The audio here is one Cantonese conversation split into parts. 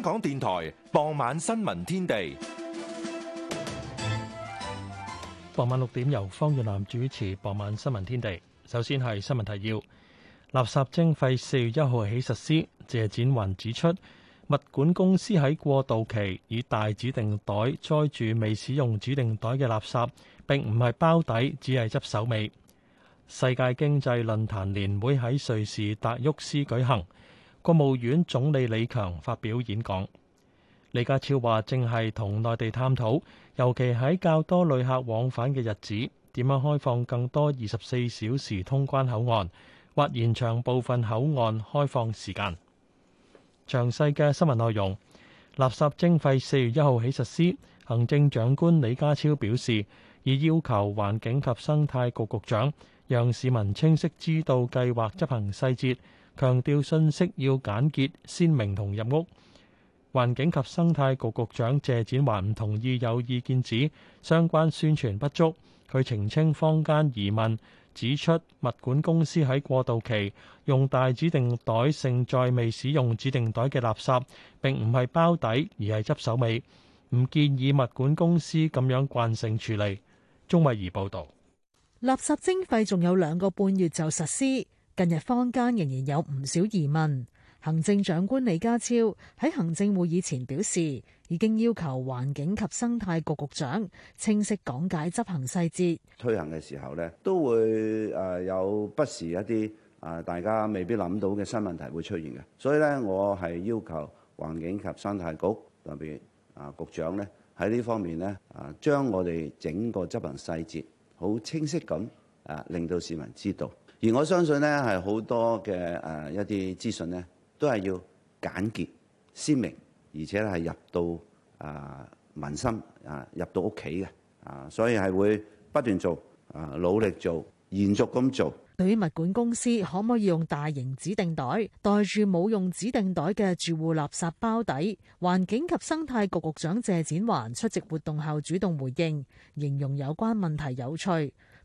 香港電台傍晚新聞天地，傍晚六點由方月蘭主持。傍晚新聞天地，首先係新聞提要：垃圾徵費四月一號起實施。謝展雲指出，物管公司喺過渡期以大指定袋裝住未使用指定袋嘅垃圾，並唔係包底，只係執手尾。世界經濟論壇年會喺瑞士達沃斯舉行。國務院總理李強發表演講，李家超話正係同內地探討，尤其喺較多旅客往返嘅日子，點樣開放更多二十四小時通關口岸，或延長部分口岸開放時間。詳細嘅新聞內容，垃圾徵費四月一號起實施，行政長官李家超表示，已要求環境及生態局局長讓市民清晰知道計劃執行細節。強調信息要簡潔、鮮明同入屋。環境及生態局局長謝展寰唔同意有意見指相關宣傳不足，佢澄清坊間疑問，指出物管公司喺過渡期用大指定袋盛載未使用指定袋嘅垃圾，並唔係包底而係執手尾，唔建議物管公司咁樣慣性處理。鍾慧儀報導，垃圾徵費仲有兩個半月就實施。近日坊間仍然有唔少疑問，行政長官李家超喺行政會議前表示，已經要求環境及生態局局長清晰講解執行細節。推行嘅時候呢，都會誒有不時一啲啊，大家未必諗到嘅新問題會出現嘅，所以呢，我係要求環境及生態局特別啊局長呢，喺呢方面呢，啊，將我哋整個執行細節好清晰咁啊，令到市民知道。而我相信呢，係好多嘅，誒一啲資訊呢，都係要簡潔鮮明，而且係入到啊民心啊，入到屋企嘅啊，所以係會不斷做啊，努力做，延續咁做。對於物管公司可唔可以用大型指定袋袋住冇用指定袋嘅住戶垃圾包底？環境及生態局局長謝展寰出席活動後主動回應，形容有關問題有趣。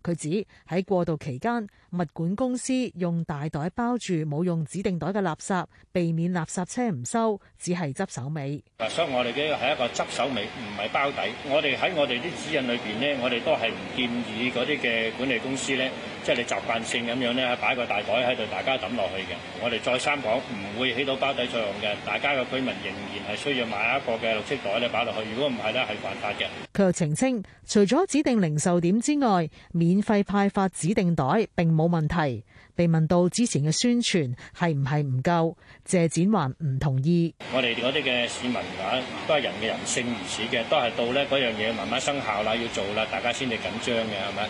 佢指喺過渡期間，物管公司用大袋包住冇用指定袋嘅垃圾，避免垃圾車唔收，只係執手尾。嗱，所以我哋呢個係一個執手尾，唔係包底。我哋喺我哋啲指引裏邊咧，我哋都係唔建議嗰啲嘅管理公司咧，即係你習慣性咁樣咧，擺個大袋喺度，大家抌落去嘅。我哋再三講，唔會起到包底作用嘅。大家嘅居民仍然係需要買一個嘅綠色袋咧，擺落去。如果唔係咧，係犯法嘅。佢又澄清，除咗指定零售點之外，免免費派發指定袋並冇問題。被問到之前嘅宣傳係唔係唔夠，謝展環唔同意。我哋嗰啲嘅市民啊，都係人嘅人性如此嘅，都係到咧嗰樣嘢慢慢生效啦，要做啦，大家先至緊張嘅係咪？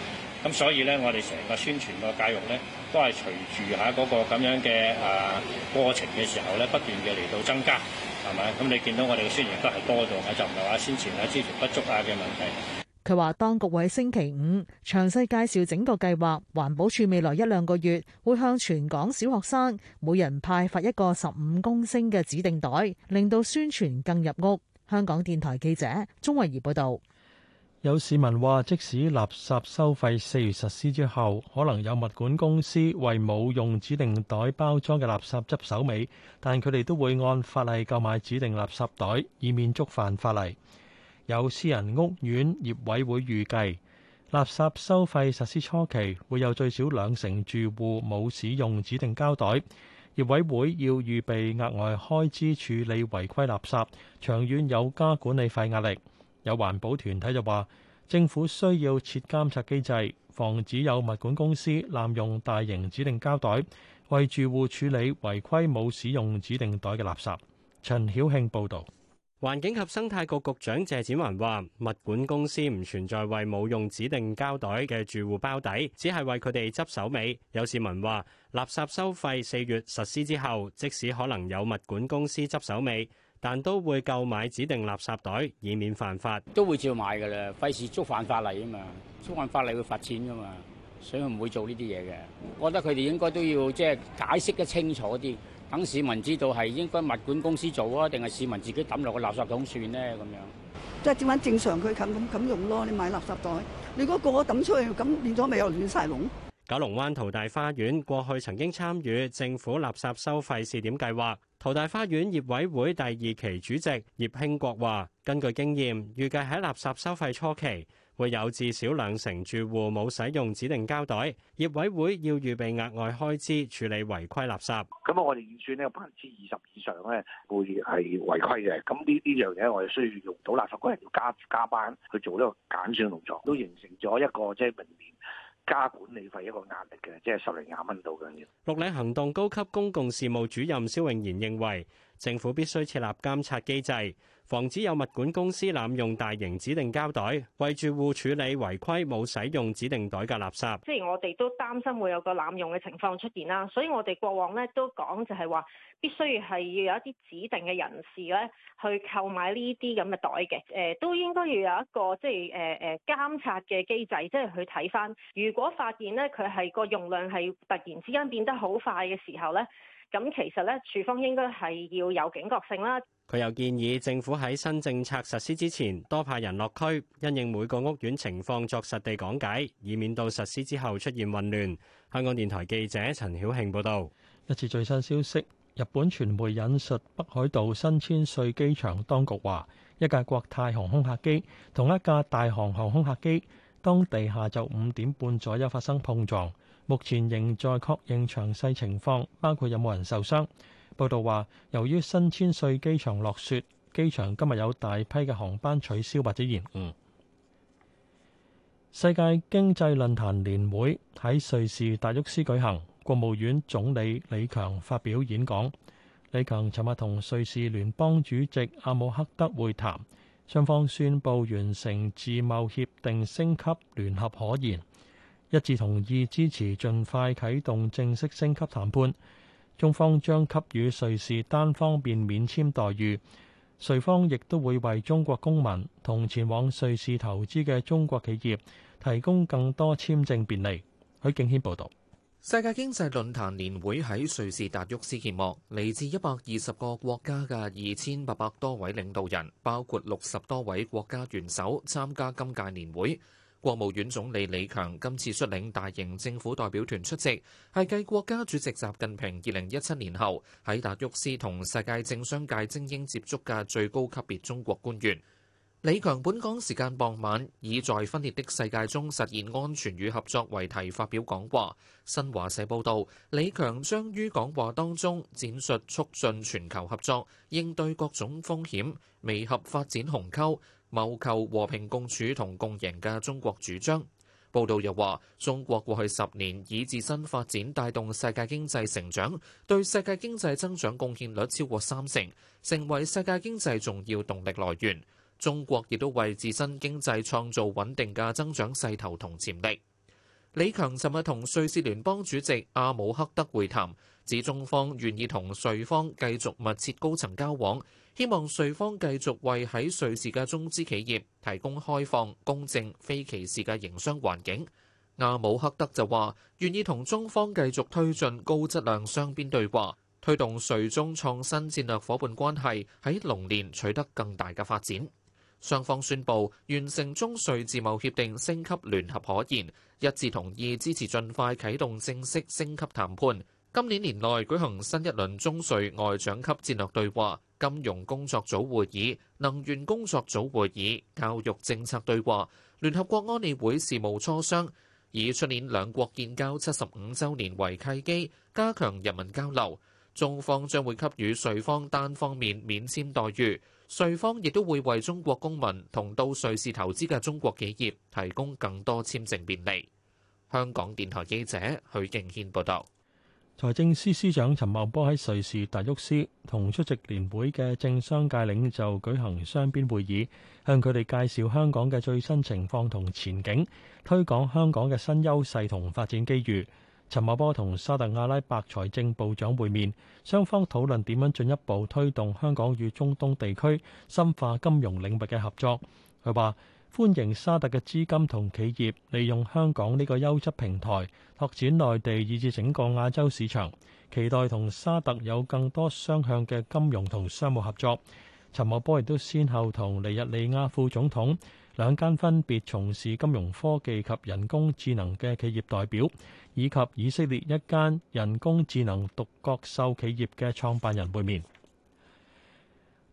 咁所以咧，我哋成個宣傳個介入咧，都係隨住吓嗰個咁樣嘅誒過程嘅時候咧，不斷嘅嚟到增加係咪？咁你見到我哋嘅宣傳都係多咗，就唔係話先前啊宣傳不足啊嘅問題。佢話，當局位星期五，詳細介紹整個計劃，環保署未來一兩個月，會向全港小學生每人派發一個15公升的指定袋，令到宣傳更入屋。香港電台記者鍾慧儀報道。有市民話，即使垃圾收費四月實施之後，可能有物管公司為冇用指定袋包裝嘅垃圾執手尾，但佢哋都會按法例購買指定垃圾袋，以免觸犯法例。有私人屋苑業委會預計垃圾收費實施初期會有最少兩成住戶冇使用指定膠袋，業委會要預備額外開支處理違規垃圾，長遠有加管理費壓力。有環保團體就話政府需要設監察機制，防止有物管公司濫用大型指定膠袋，為住戶處理違規冇使用指定袋嘅垃圾。陳曉慶報道。環境及生態局局長，謝展寰，話，物管公司，等市民知道係應該物管公司做啊，定係市民自己抌落個垃圾桶算呢？咁樣即係點樣正常？佢咁咁用咯，你買垃圾袋，你嗰個抌出去咁，變咗咪又亂曬龍？九龍灣淘大花園過去曾經參與政府垃圾收費試點計劃，淘大花園業委會第二期主席葉興國話：根據經驗，預計喺垃圾收費初期，會有至少兩成住戶冇使用指定膠袋，業委會需要預備額外開支處理違規垃圾。我哋預算呢個政府必須設立監察機制，防止有物管公司濫用大型指定膠袋，為住戶處理違規冇使用指定袋嘅垃圾。即係我哋都擔心會有個濫用嘅情況出現啦，所以我哋過往咧都講就係話必須要係要有一啲指定嘅人士咧去購買呢啲咁嘅袋嘅。誒都應該要有一個即係誒誒監察嘅機制，即係去睇返，如果發現咧佢係個用量係突然之間變得好快嘅時候咧。咁其實咧，處方應該係要有警覺性啦。佢又建議政府喺新政策實施之前，多派人落區，因應每個屋苑情況作實地講解，以免到實施之後出現混亂。香港電台記者陳曉慶報道。一次最新消息，日本傳媒引述北海道新千歲機場當局話，一架國泰航空客機同一架大韓航空客機，當地下晝五點半左右發生碰撞。目前仍在確認詳細情況，包括有冇人受傷。報道話，由於新千歲機場落雪，機場今日有大批嘅航班取消或者延誤。世界經濟論壇年會喺瑞士達沃斯舉行，國務院總理李強發表演講，李強尋日同瑞士聯邦主席阿姆赫德會談，雙方宣布完成自貿協定升級聯合可言。一致同意支持盡快啟動正式升級談判，中方將給予瑞士單方面免簽待遇，瑞方亦都會為中國公民同前往瑞士投資嘅中國企業提供更多簽證便利。許敬軒報道。世界經濟論壇年會喺瑞士達沃斯揭幕，嚟自一百二十個國家嘅二千八百多位領導人，包括六十多位國家元首，參加今屆年會。國務院總理李強今次率領大型政府代表團出席，係繼國家主席習近平二零一七年後，喺達沃斯同世界政商界精英接觸嘅最高級別中國官員。李強本港時間傍晚，以「在分裂的世界中實現安全與合作」為題發表講話。新華社報道，李強將於講話當中展述促進全球合作、應對各種風險、彌合發展鴻溝。謀求和平共處同共贏嘅中國主張。報道又話，中國過去十年以自身發展帶動世界經濟成長，對世界經濟增長貢獻率超過三成，成為世界經濟重要動力來源。中國亦都為自身經濟創造穩定嘅增長勢頭同潛力。李強尋日同瑞士聯邦主席阿姆克德會談，指中方願意同瑞方繼續密切高層交往。希望瑞方繼續為喺瑞士嘅中資企業提供開放、公正、非歧視嘅營商環境。阿姆克德就話，願意同中方繼續推進高質量雙邊對話，推動瑞中創新戰略伙伴關係喺龍年取得更大嘅發展。雙方宣布完成中瑞自貿協定升級聯合可言，一致同意支持盡快啟動正式升級談判，今年年內舉行新一輪中瑞外長級戰略對話金融工作組會議、能源工作組會議、教育政策對話、聯合國安理會事務磋商，以出年兩國建交七十五周年為契機，加強人民交流。中方將會給予瑞方單方面免簽待遇，瑞方亦都會為中國公民同到瑞士投資嘅中國企業提供更多簽證便利。香港電台記者許敬軒報道。財政司司長陳茂波喺瑞士達沃斯同出席年會嘅政商界領袖舉行雙邊會議，向佢哋介紹香港嘅最新情況同前景，推廣香港嘅新優勢同發展機遇。陳茂波同沙特阿拉伯財政部長會面，雙方討論點樣進一步推動香港與中東地區深化金融領域嘅合作。佢話。歡迎沙特嘅資金同企業利用香港呢個優質平台拓展內地以至整個亞洲市場，期待同沙特有更多雙向嘅金融同商務合作。陳茂波亦都先後同尼日利亞副總統兩間分別從事金融科技及人工智能嘅企業代表，以及以色列一間人工智能獨角獸企業嘅創辦人會面。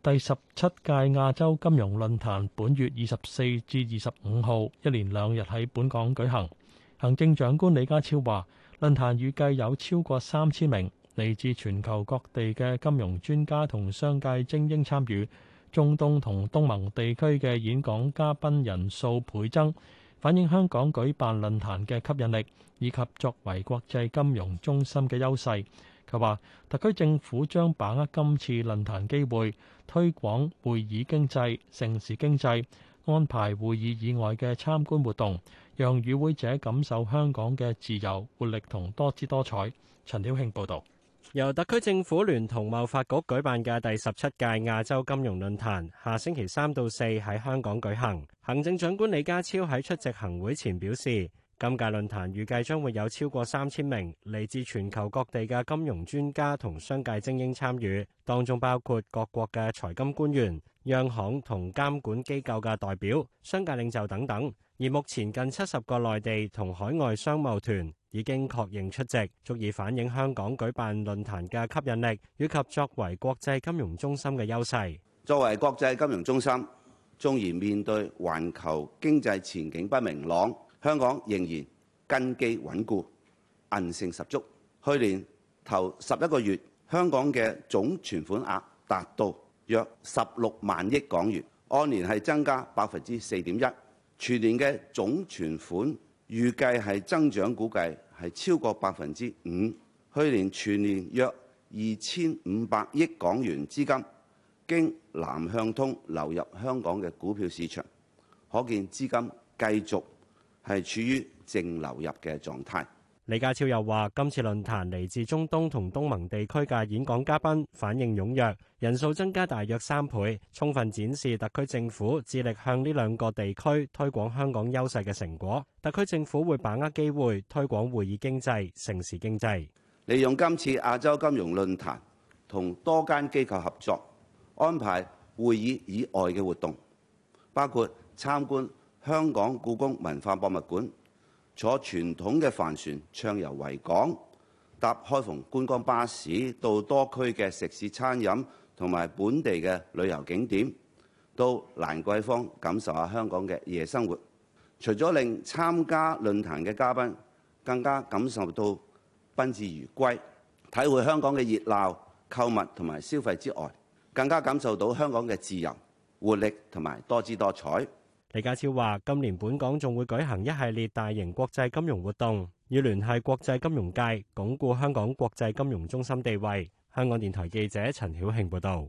第十七屆亞洲金融論壇本月二十四至二十五號一連兩日喺本港舉行。行政長官李家超話：論壇預計有超過三千名嚟自全球各地嘅金融專家同商界精英參與，中東同東盟地區嘅演講嘉賓人數倍增，反映香港舉辦論壇嘅吸引力以及作為國際金融中心嘅優勢。佢話：特區政府將把握今次論壇機會。推廣會議經濟、城市經濟，安排會議以外嘅參觀活動，讓與會者感受香港嘅自由、活力同多姿多彩。陳曉慶報導。由特區政府聯同貿發局舉辦嘅第十七屆亞洲金融論壇，下星期三到四喺香港舉行。行政長官李家超喺出席行會前表示：今屆論壇預計將會有超過三千名嚟自全球各地嘅金融專家同商界精英參與，當中包括各國嘅財金官員、央行同監管機構嘅代表、商界領袖等等。而目前近七十個內地同海外商貿團已經確認出席，足以反映香港舉辦論壇嘅吸引力，以及作為國際金融中心嘅優勢。作為國際金融中心，縱然面對環球經濟前景不明朗。香港仍然根基穩固、韌性十足。去年頭十一個月，香港嘅總存款額達到約十六萬億港元，按年係增加百分之四點一。全年嘅總存款預計係增長，估計係超過百分之五。去年全年約二千五百億港元資金經南向通流入香港嘅股票市場，可見資金繼續係處於淨流入嘅狀態。李家超又話：今次論壇嚟自中東同東盟地區嘅演講嘉賓反應踴躍，人數增加大約三倍，充分展示特區政府致力向呢兩個地區推廣香港優勢嘅成果。特區政府會把握機會，推廣會議經濟、城市經濟，利用今次亞洲金融論壇同多間機構合作，安排會議以外嘅活動，包括參觀香港故宮文化博物館，坐傳統嘅帆船暢遊維港，搭開篷觀光巴士到多區嘅食肆、餐飲同埋本地嘅旅遊景點，到蘭桂坊感受下香港嘅夜生活。除咗令參加論壇嘅嘉賓更加感受到賓至如歸，體會香港嘅熱鬧、購物同埋消費之外，更加感受到香港嘅自由、活力同埋多姿多彩。李家超話，今年本港仲會舉行一系列大型國際金融活動，要聯繫國際金融界，鞏固香港國際金融中心地位。香港電台記者陳曉慶報道。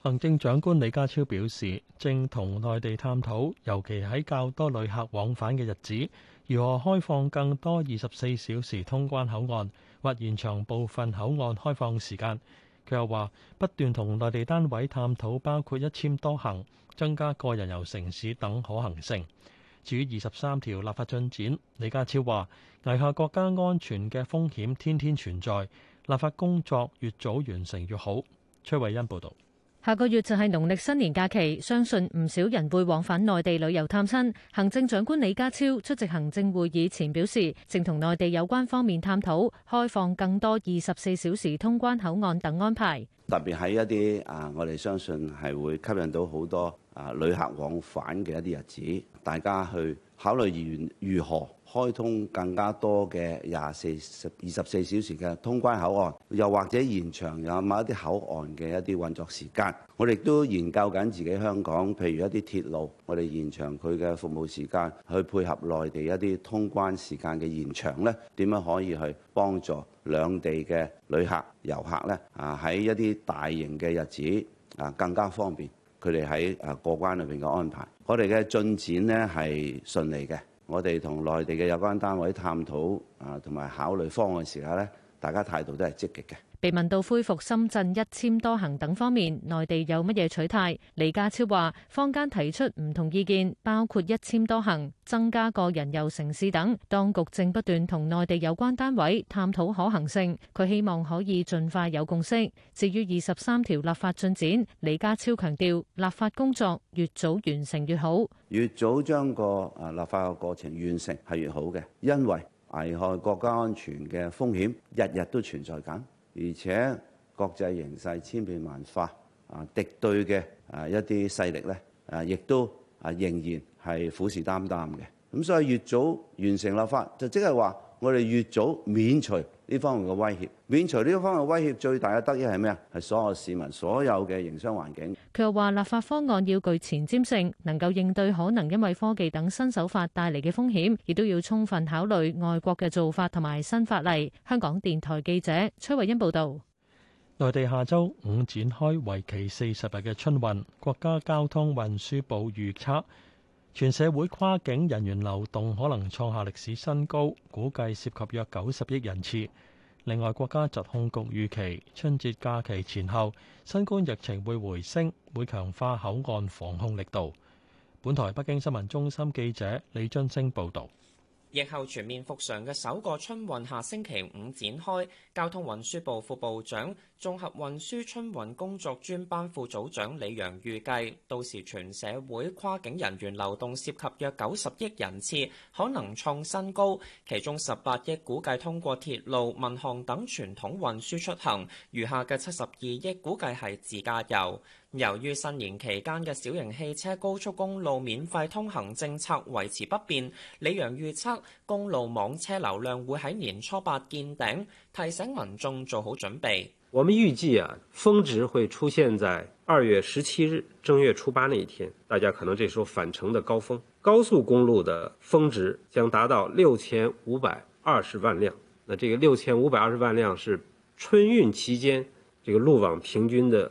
行政長官李家超表示，正同內地探討，尤其喺較多旅客往返嘅日子，如何開放更多二十四小時通關口岸，或延長部分口岸開放時間。佢又話，不斷同內地單位探討，包括一簽多行。增加個人遊城市等可行性。至於二十三條立法進展，李家超話：危害國家安全嘅風險天天存在，立法工作越早完成越好。崔慧欣報導。下個月就係農曆新年假期，相信唔少人會往返內地旅遊探親。行政長官李家超出席行政會議前表示，正同內地有關方面探討開放更多二十四小時通關口岸等安排。特別喺一啲啊，我哋相信係會吸引到好多。啊！旅客往返嘅一啲日子，大家去考慮如如何開通更加多嘅廿四十二十四小時嘅通關口岸，又或者延長有某一啲口岸嘅一啲運作時間，我哋都研究緊自己香港，譬如一啲鐵路，我哋延長佢嘅服務時間，去配合內地一啲通關時間嘅延長咧，點樣可以去幫助兩地嘅旅客、遊客咧？啊，喺一啲大型嘅日子啊，更加方便。佢哋喺啊過關裏面嘅安排，我哋嘅進展咧係順利嘅，我哋同內地嘅有關單位探討啊，同埋考慮方案的時候咧大家態度都係積極嘅。被問到恢復深圳一簽多行等方面，內地有乜嘢取態，李家超話：坊間提出唔同意見，包括一簽多行、增加個人遊城市等，當局正不斷同內地有關單位探討可行性。佢希望可以盡快有共識。至於二十三條立法進展，李家超強調立法工作越早完成越好，越早將個啊立法嘅過程完成係越好嘅，因為，危害國家安全嘅風險，日日都存在緊，而且國際形勢千變萬化，啊，敵對嘅啊一啲勢力呢，啊，亦都啊仍然係虎視眈眈嘅，咁所以越早完成立法，就即係話我哋越早免除。呢方面嘅威脅，免除呢方面威脅最大嘅得益係咩啊？係所有市民、所有嘅營商環境。佢又話：立法方案要具前瞻性，能夠應對可能因為科技等新手法帶嚟嘅風險，亦都要充分考慮外國嘅做法同埋新法例。香港電台記者崔慧欣報道：內地下周五展開為期四十日嘅春運，國家交通運輸部預測。全社會跨境人員流動可能創下歷史新高，估計涉及約九十億人次。另外，國家疾控局預期春節假期前後新冠疫情會回升，會強化口岸防控力度。本台北京新聞中心記者李津升報道。疫後全面復常嘅首個春運下星期五展開，交通運輸部副部長、綜合運輸春運工作專班副組長李陽預計，到時全社會跨境人員流動涉及約九十億人次，可能創新高。其中十八億估計通過鐵路、民航等傳統運輸出行，餘下嘅七十二億估計係自駕遊。由於新年期間嘅小型汽車高速公路免費通行政策維持不變，李陽預測公路網車流量會喺年初八見頂，提醒民眾做好準備。我們預計啊，峰值會出現在二月十七日正月初八那一天，大家可能這時候返程的高峰，高速公路的峰值將達到六千五百二十萬輛。那這個六千五百二十萬輛是春運期間這個路網平均的。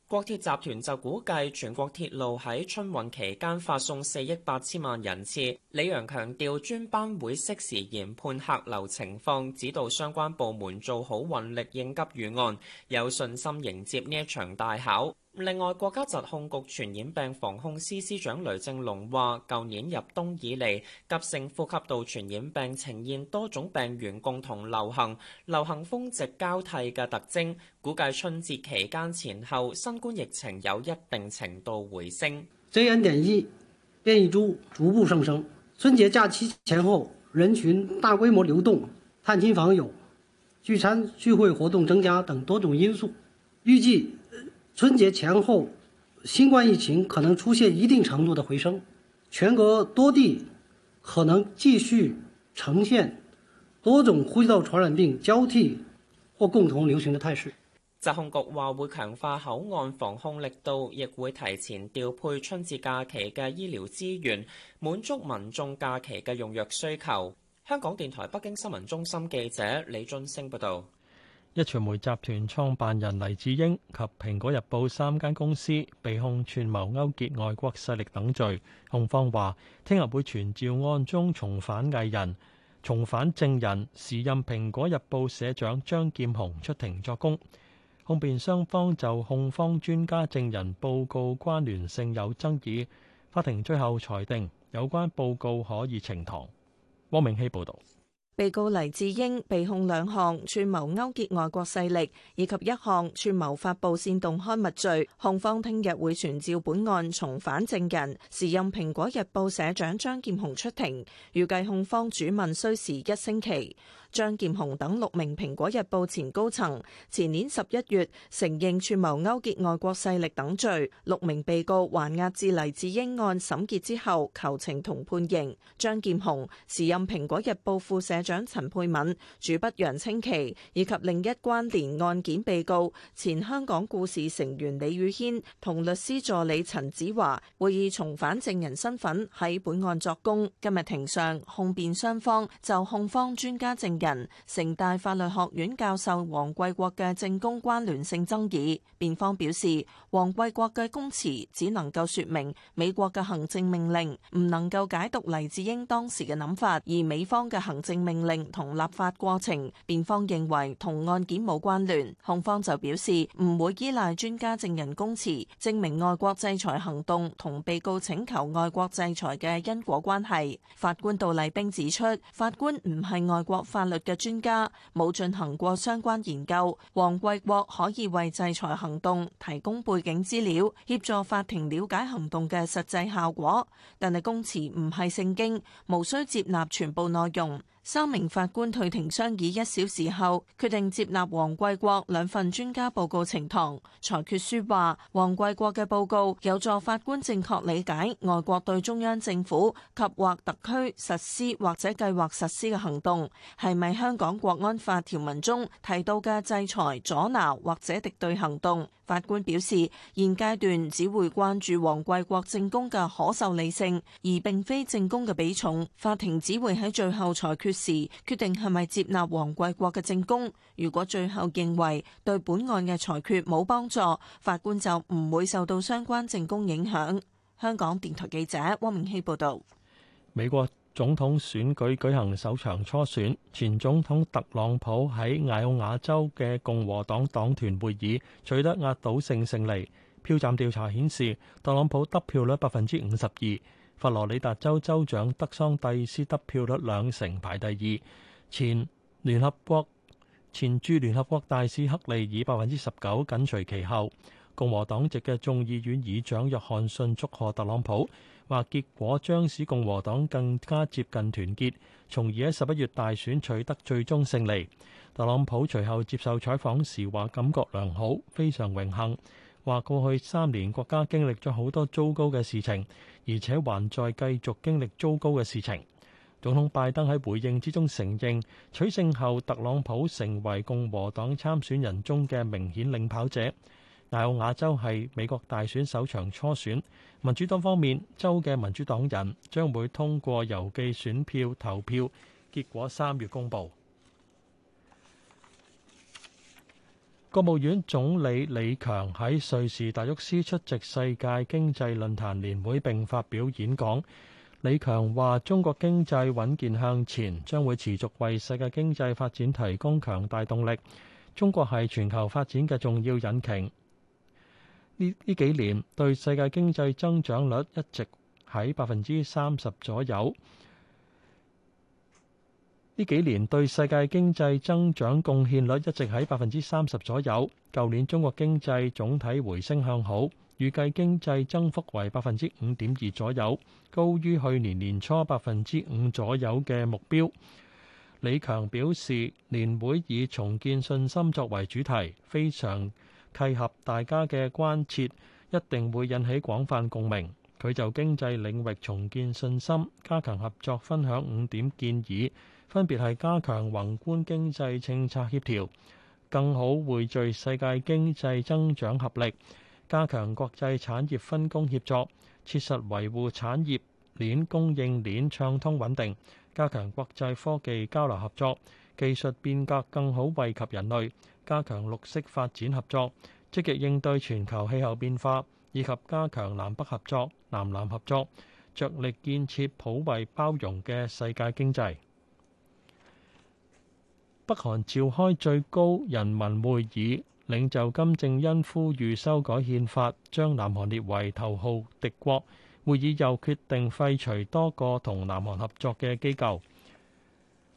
國鐵集團就估計全國鐵路喺春運期間發送四億八千萬人次。李陽強調，專班會適時研判客流情況，指導相關部門做好運力應急預案，有信心迎接呢一場大考。另外，國家疾控局傳染病防控司司長雷正龍話，舊年入冬以嚟，急性呼吸道傳染病呈現多種病原共同流行、流行峰值交替嘅特徵，估計春節期間前後新。冠疫情有一定程度回升。JN 點一，變異株逐步上升。春節假期前後，人群大規模流動、探親訪友、聚餐聚會活動增加等多種因素，預計春節前後新冠疫情可能出現一定程度的回升。全國多地可能繼續呈現多種呼吸道傳染病交替或共同流行的態勢。疾控局話會強化口岸防控力度，亦會提前調配春節假期嘅醫療資源，滿足民眾假期嘅用藥需求。香港電台北京新聞中心記者李俊升報導。一傳媒集團創辦人黎智英及《蘋果日報》三間公司被控串謀勾結外國勢力等罪，控方話聽日會傳召案中重返藝人、重返證人，時任《蘋果日報》社長張劍虹出庭作供。控辯雙方就控方專家證人報告關聯性有爭議，法庭最後裁定有關報告可以呈堂。汪明熙報道，被告黎智英被控兩項串謀勾結外國勢力以及一項串謀發布煽動刊物罪，控方聽日會傳召本案從犯證人，時任蘋果日報社長張劍虹出庭，預計控方主問需時一星期。張劍虹等六名《蘋果日報》前高層，前年十一月承認串謀勾結外國勢力等罪，六名被告還押至黎智英案審結之後求情同判刑。張劍虹、時任《蘋果日報》副社長陳佩敏、主筆楊清奇以及另一關聯案件被告前《香港故事》成員李宇軒同律師助理陳子華，會以重返證人身份喺本案作供。今日庭上控辯雙方就控方專家證人城大法律學院教授王貴國嘅政工關聯性爭議，辯方表示王貴國嘅供詞只能夠說明美國嘅行政命令，唔能夠解讀黎智英當時嘅諗法，而美方嘅行政命令同立法過程，辯方認為同案件冇關聯控方就表示唔會依賴專家證人供詞證明外國制裁行動同被告請求外國制裁嘅因果關係，法官杜麗冰指出，法官唔係外國法。律嘅專家冇進行過相關研究，王貴國可以為制裁行動提供背景資料，協助法庭了解行動嘅實際效果。但係公詞唔係聖經，無需接納全部內容。三名法官退庭商議一小時後，決定接納黃貴國兩份專家報告呈堂。裁決書話，黃貴國嘅報告有助法官正確理解外國對中央政府及或特區實施或者計劃實施嘅行動，係咪香港國安法條文中提到嘅制裁、阻撓或者敵對行動。法官表示，現階段只會關注黃貴國證供嘅可受理性，而並非證供嘅比重。法庭只會喺最後裁決時決定係咪接納黃貴國嘅證供。如果最後認為對本案嘅裁決冇幫助，法官就唔會受到相關證供影響。香港電台記者汪明希報道。美國總統選舉舉行首場初選，前總統特朗普喺艾奧瓦州嘅共和黨黨團會議取得壓倒性勝利。票站調查顯示，特朗普得票率百分之五十二。佛羅里達州州長德桑蒂斯得票率兩成，排第二。前聯合國前駐聯合國大使克利以百分之十九緊隨其後。共和黨籍嘅眾議院議長約翰遜祝賀特朗普，話結果將使共和黨更加接近團結，從而喺十一月大選取得最終勝利。特朗普隨後接受採訪時話：感覺良好，非常榮幸。話過去三年國家經歷咗好多糟糕嘅事情。而且還在繼續經歷糟糕嘅事情。總統拜登喺回應之中承認，取勝後特朗普成為共和黨參選人中嘅明顯領跑者。艾奧瓦州係美國大選首場初選，民主黨方面州嘅民主黨人將會通過郵寄選票投票，結果三月公布。國務院總理李強喺瑞士達沃斯出席世界經濟論壇年會，並發表演講。李強話中國經濟穩健向前，將會持續為世界經濟發展提供強大動力。中國係全球發展嘅重要引擎，呢幾年對世界經濟增長貢獻率一直喺百分之三十左右。舊年中國經濟總體回升向好，預計經濟增幅為百分之五點二左右，高於去年年初百分之五左右嘅目標。李強表示，年會以重建信心作為主題，非常契合大家嘅關切，一定會引起廣泛共鳴。佢就經濟領域重建信心、加強合作，分享五點建議。分別係加強宏觀經濟政策協調，更好匯聚世界經濟增長合力；加強國際產業分工協作，切實維護產業鏈供應鏈暢通穩定；加強國際科技交流合作，技術變革更好惠及人類；加強綠色發展合作，積極應對全球氣候變化，以及加強南北合作、南南合作，著力建設普惠包容嘅世界經濟。北韓召開最高人民會議，領袖金正恩呼籲修改憲法，將南韓列為頭號敵國。會議又決定廢除多個同南韓合作嘅機構。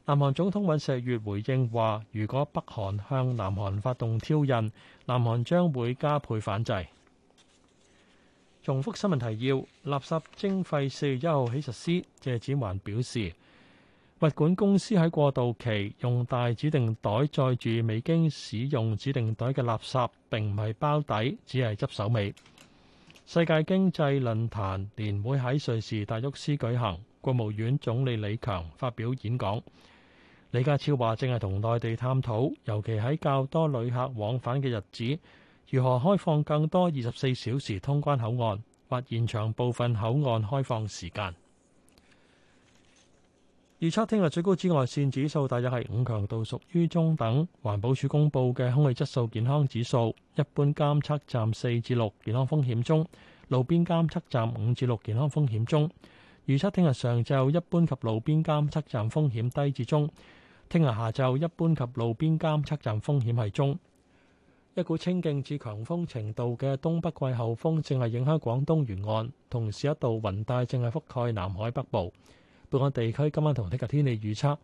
南韓總統尹錫悅回應話：如果北韓向南韓發動挑釁，南韓將會加倍反制。重複新聞提要：垃圾徵費四月一號起實施。謝展寰表示。物管公司喺過渡期用大指定袋載住未經使用指定袋嘅垃圾，並唔係包底，只係執手尾。世界經濟論壇年會喺瑞士達沃斯舉行，國務院總理李強發表演講。李家超話正係同內地探討，尤其喺較多旅客往返嘅日子，如何開放更多二十四小時通關口岸，或延長部分口岸開放時間。預測聽日最高紫外線指數大約係五強度，屬於中等。環保署公布嘅空氣質素健康指數，一般監測站四至六，健康風險中；路邊監測站五至六，健康風險中。預測聽日上晝一般及路邊監測站風險低至中；聽日下晝一般及路邊監測站風險係中。一股清勁至強風程度嘅東北季候風正係影響廣東沿岸，同時一度雲帶正係覆蓋南海北部。本港地區今晚同聽日天氣預測，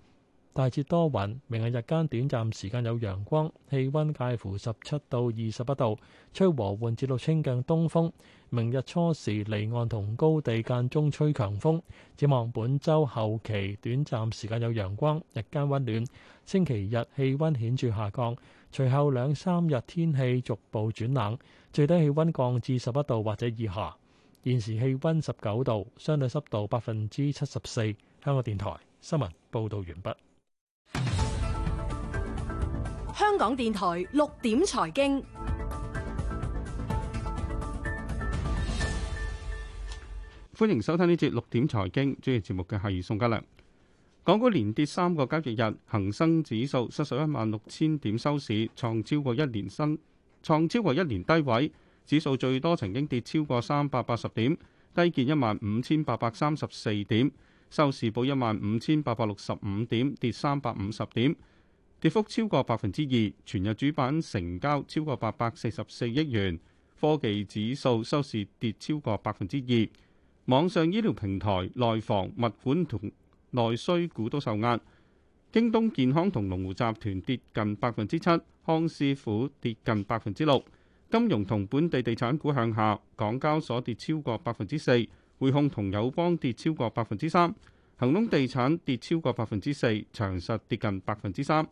大致多雲，明日日間短暫時間有陽光，氣温介乎十七到二十一度，吹和緩至到清勁東風。明日初時離岸同高地間中吹強風。展望本週後期短暫時間有陽光，日間温暖。星期日氣温顯著下降，隨後兩三日天氣逐步轉冷，最低氣温降至十一度或者以下。現時氣溫十九度，相對濕度百分之七十四。香港電台新聞報道完畢。香港電台六點財經，歡迎收聽呢節六點財經主題節目嘅係宋家良。港股連跌三個交易日，恒生指數失守一萬六千點收市，創超過一年新，創超過一年低位。指數最多曾經跌超過三百八十點，低見一萬五千八百三十四點，收市報一萬五千八百六十五點，跌三百五十點，跌幅超過百分之二。全日主板成交超過八百四十四億元，科技指數收市跌超過百分之二。網上醫療平台、內房物管同內需股都受壓，京東健康同龍湖集團跌近百分之七，康師傅跌近百分之六。金融同本地地產股向下，港交所跌超過百分之四，匯控同友邦跌超過百分之三，恆隆地產跌超過百分之四，長實跌近百分之三。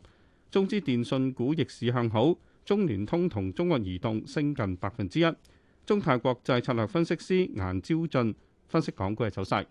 中資電訊股逆市向好，中聯通同中國移動升近百分之一。中泰國際策略分析師顏招駿分析港股嘅走勢，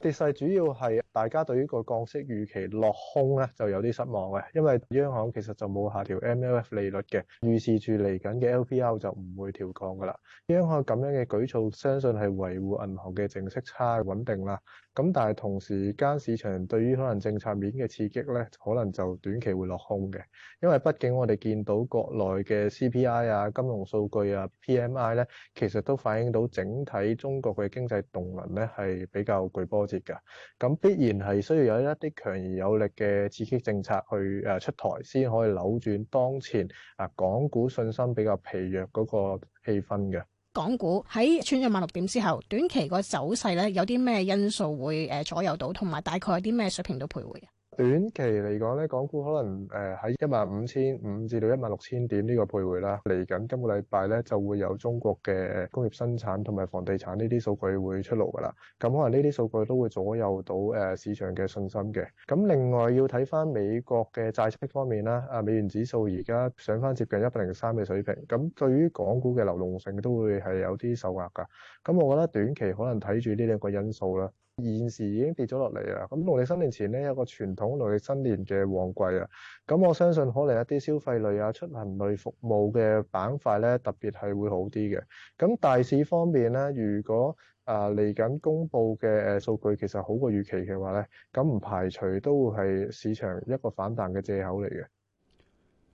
跌勢主要係，大家對於個降息預期落空咧，就有啲失望嘅，因為央行其實就冇下調 MLF 利率嘅，預示住嚟緊嘅 LPR 就唔會調降㗎喇。央行咁樣嘅舉措，相信係維護銀行嘅淨息差穩定喇。咁但係同時間，市場對於可能政策面嘅刺激咧，可能就短期會落空嘅，因為畢竟我哋見到國內嘅 CPI 啊、金融數據啊、PMI 咧，其實都反映到整體中國嘅經濟動能咧係比較具波折㗎。咁必必然係需要有一啲強而有力嘅刺激政策去誒出台，先可以扭轉當前啊港股信心比較疲弱嗰個氣氛嘅。港股喺穿咗萬六點之後，短期個走勢咧有啲咩因素會誒左右到，同埋大概有啲咩水平都徘徊啊？短期嚟講咧，港股可能誒喺一萬五千五至到一萬六千點呢個徘徊啦。嚟緊今個禮拜咧就會有中國嘅工業生產同埋房地產呢啲數據會出爐噶啦。咁可能呢啲數據都會左右到誒市場嘅信心嘅。咁另外要睇翻美國嘅債息方面啦。啊，美元指數而家上翻接近一百零三嘅水平。咁對於港股嘅流動性都會係有啲受壓噶。咁我覺得短期可能睇住呢兩個因素啦。現時已經跌咗落嚟啊！咁農曆新年前呢，有個傳統農曆新年嘅旺季啊，咁我相信可能一啲消費類啊、出行類服務嘅板塊咧特別係會好啲嘅。咁大市方面咧，如果啊嚟緊公佈嘅誒數據其實好過預期嘅話咧，咁唔排除都會係市場一個反彈嘅藉口嚟嘅。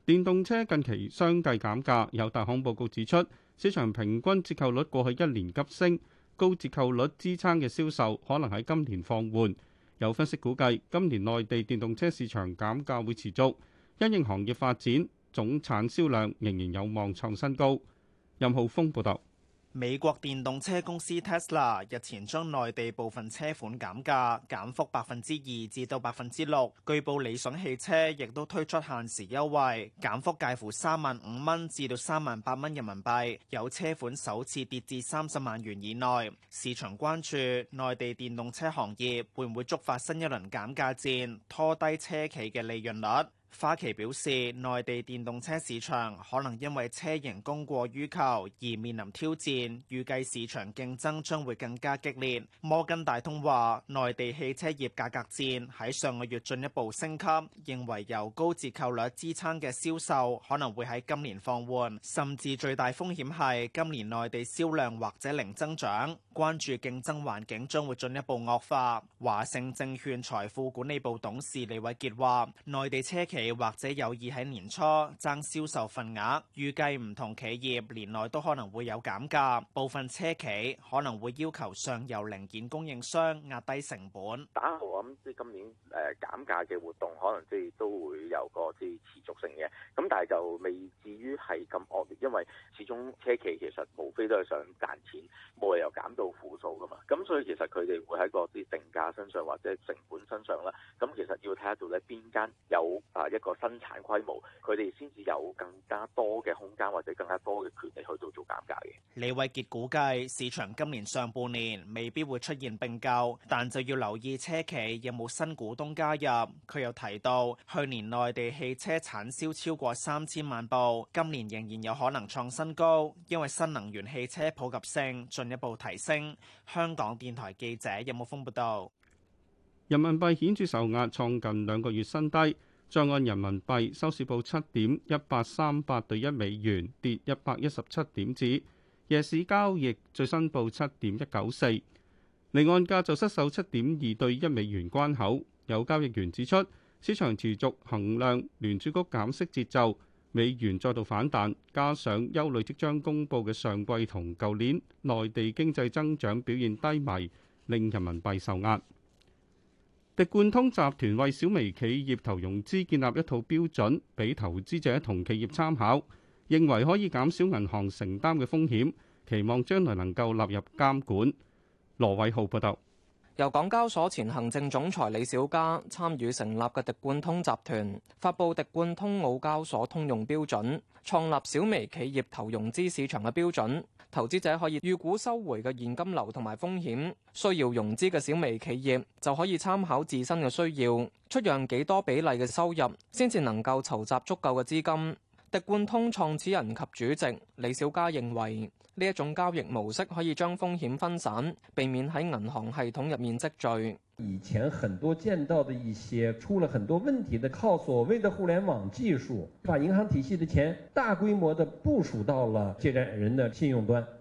電動車近期相繼減價，有大行報告指出，市場平均折扣率過去一年急升。高折扣率支撐嘅銷售可能喺今年放緩。有分析估計，今年內地電動車市場減價會持續，因應行業發展，總產銷量仍然有望創新高。任浩峰報導。美國電動車公司 Tesla 日前將內地部分車款減價，減幅百分之二至到百分之六。據報理想汽車亦都推出限時優惠，減幅介乎三萬五蚊至到三萬八蚊人民幣，有車款首次跌至三十萬元以內。市場關注內地電動車行業會唔會觸發新一輪減價戰，拖低車企嘅利潤率。花旗表示，內地電動車市場可能因為車型供過於求而面臨挑戰，預計市場競爭將會更加激烈。摩根大通話，內地汽車業價格戰喺上個月進一步升級，認為由高折扣率支撐嘅銷售可能會喺今年放緩，甚至最大風險係今年內地銷量或者零增長。關注競爭環境將會進一步惡化。華盛證券財富管理部董事李偉杰話，內地車企或者有意喺年初爭銷售份額，預計唔同企業年內都可能會有減價。部分車企可能會要求上游零件供應商壓低成本打。打我諗，即今年誒減價嘅活動，可能即係都會有個即持續性嘅。咁但係就未至於係咁惡劣，因為始終車企其實無非都係想賺錢，冇理由減到。負數噶嘛，咁所以其實佢哋會喺個啲定價身上或者成本身上啦，咁其實要睇下到底邊間有啊一個生產規模，佢哋先至有更加多嘅空間或者更加多嘅權利去到做減價嘅。李偉傑估計市場今年上半年未必會出現併購，但就要留意車企有冇新股東加入。佢又提到去年內地汽車產銷超過三千萬部，今年仍然有可能創新高，因為新能源汽車普及性進一步提升。香港電台記者任木峰報道：人民幣顯著受壓，創近兩個月新低。在岸人民幣收市報七點一八三八對一美元，跌一百一十七點子。夜市交易最新報七點一九四，離岸價就失守七點二對一美元關口。有交易員指出，市場持續衡量，聯儲局減息節奏。美元再度反彈，加上憂慮即將公佈嘅上季同舊年內地經濟增長表現低迷，令人民幣受壓。迪冠通集團為小微企業投融資建立一套標準，俾投資者同企業參考，認為可以減少銀行承擔嘅風險，期望將來能夠納入監管。羅偉浩報導。由港交所前行政總裁李小加參與成立嘅滴灌通集團發布《滴灌通澳交所通用標準》，創立小微企業投融資市場嘅標準，投資者可以預估收回嘅現金流同埋風險，需要融資嘅小微企業就可以參考自身嘅需要，出讓幾多比例嘅收入，先至能夠籌集足夠嘅資金。滴灌通創始人及主席李小加認為。呢一種交易模式可以將風險分散，避免喺銀行系統入面積聚。以前很多見到的一些出了很多問題的，靠所謂的互聯網技術，把銀行體系的錢大規模的部署到了借債人的信用端。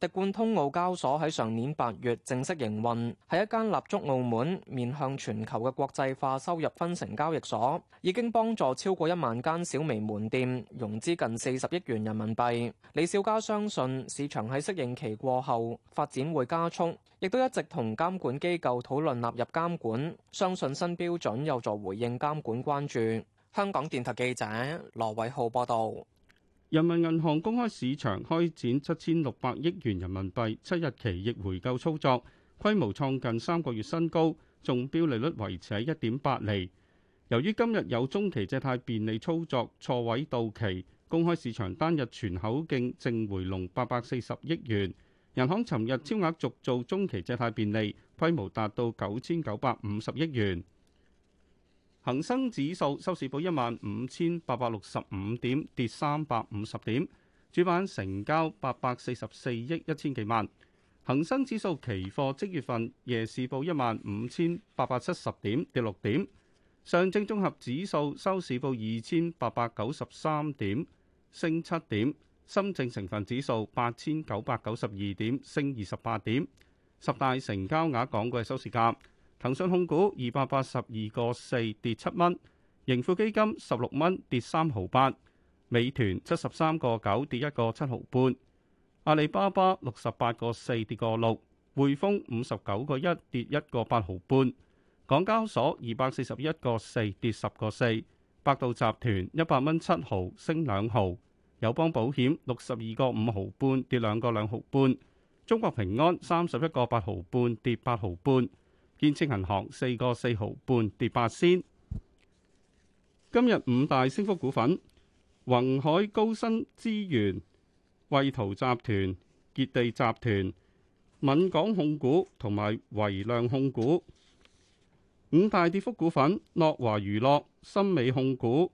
迪冠通澳交所喺上年八月正式營運，係一間立足澳門、面向全球嘅國際化收入分成交易所，已經幫助超過一萬間小微門店融資近四十億元人民幣。李少佳相信市場喺適應期過後發展會加速，亦都一直同監管機構討論納入監管，相信新標準有助回應監管關注。香港電台記者羅偉浩報道。人民銀行公開市場開展七千六百億元人民幣七日期逆回購操作，規模創近三個月新高，中標利率維持喺一點八厘。由於今日有中期借貸便利操作錯位到期，公開市場單日全口徑淨回籠八百四十億元。銀行尋日超額續做中期借貸便利，規模達到九千九百五十億元。恒生指數收市報一萬五千八百六十五點，跌三百五十點。主板成交八百四十四億一千幾萬。恒生指數期貨即月份夜市報一萬五千八百七十點，跌六點。上證綜合指數收市報二千八百九十三點，升七點。深證成分指數八千九百九十二點，升二十八點。十大成交額港股嘅收市價。騰訊控股二百八十二個四跌七蚊，盈富基金十六蚊跌三毫八，美團七十三個九跌一個七毫半，阿里巴巴六十八個四跌個六，匯豐五十九個一跌一個八毫半，港交所二百四十一個四跌十個四，百度集團一百蚊七毫升兩毫，友邦保險六十二個五毫半跌兩個兩毫半，中國平安三十一個八毫半跌八毫半。建設銀行四個四毫半跌八仙。今日五大升幅股份：宏海高新資源、惠圖集團、杰地集團、敏港控股同埋維量控股。五大跌幅股份：諾華娛樂、森美控股、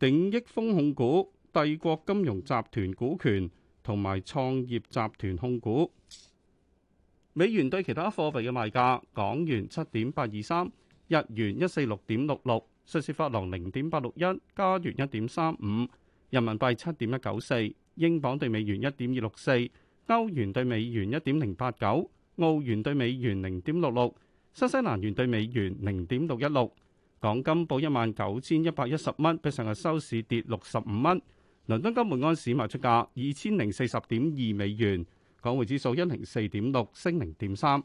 鼎益豐控股、帝國金融集團股權同埋創業集團控股。美元對其他貨幣嘅賣價：港元七點八二三，日元一四六點六六，瑞士法郎零點八六一，加元一點三五，人民幣七點一九四，英鎊對美元一點二六四，歐元對美元一點零八九，澳元對美元零點六六，新西蘭元對美元零點六一六。港金報一萬九千一百一十蚊，比上日收市跌六十五蚊。倫敦金每盎司賣出價二千零四十點二美元。港匯指數一零四點六升零點三。